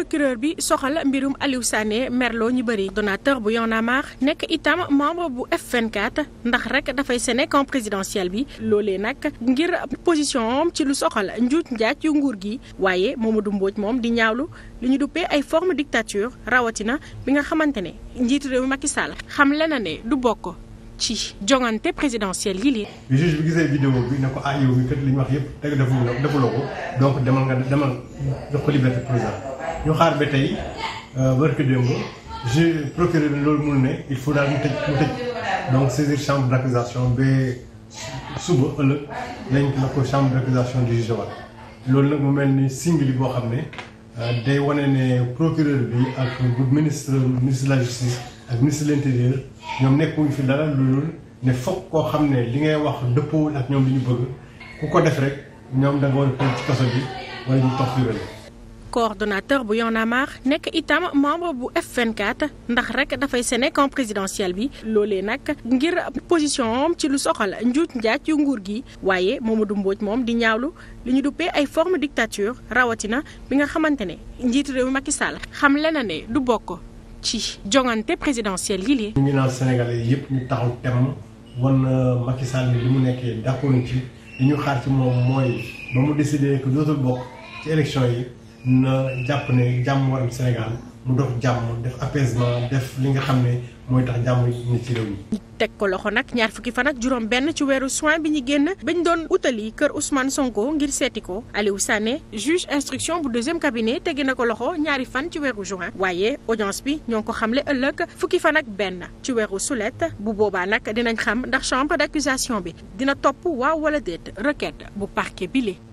procureur bi soxal mbirum Aliou Sané merloo ñu bëri donateur bu Y'en a marre nekk itam membre bu F24 ndax rek dafay sene camp présidentiel bi loolee nag ngir position am ci lu soxal njuuj njaaj yu nguur gi waaye Mamadou Mbodj moom di ñaawlu li ñu duppee ay forme dictature rawatina bi nga xamante ne njiitu réew mi Macky xam la na ne du bokk ci jongante présidentielle yi lii. Ah, li ñu ñu xaar ba tey euh, barki démb j'ai procuré bi loolu mun ne il faut daal mu tëj mu tëj donc saisir chambre d'accusation ba suba ëllëg lañ la ko chambre d'accusation du juge waat loolu nag mu mel ni singli boo xam ne euh, day wane ne procureur bi ak ministre ministre de la justice ak ministre de l'intérieur ñoom nekkuñu fi dara loolu ne foog koo xam ne li ngay wax dëppoowul ak ñoom li ñu bëgg ku ko def rek ñoom da nga war a bi wala ñu toog coordonnateur bu Y'en a marre nekk itam membre bu f ndax rek dafay sene camp présidentiel bi loolee nag ngir position ci lu soxal njuuj njaaj yu nguur gi waaye Mamadou Mbodj moom di ñaawlu li ñu duppee ay forme dictature rawatina bi nga xamante ne njiitu réew Macky Sall xam lena ne du bokk ci jongante présidentielle yi lii. ñu naan Sénégalais yëpp ñu taxaw temm wan euh, Macky Sall li mu nekkee d'accord ci li ñu xaar ci moom mooy ba mu décidé yi. na jàpp ne jàmm war Sénégal mu dox jàmm def apaisement def li nga xam ne mooy tax jàmm ni ci réew mi. teg ko loxo nag ñaar fukki fan ak juróom benn ci weeru soin bi ñu génn bañ doon utali kër Ousmane Sonko ngir seeti ko Aliou Sané juge instruction bu deuxième cabinet tegi na ko loxo ñaari fan ci weeru juin waaye audience bi ñoo ko xam xamle ëllëg fukki fan ak benn ci weeru sulet bu boobaa nag dinañ xam ndax chambre d'accusation bi dina topp waaw wala déet requête bu parquet bi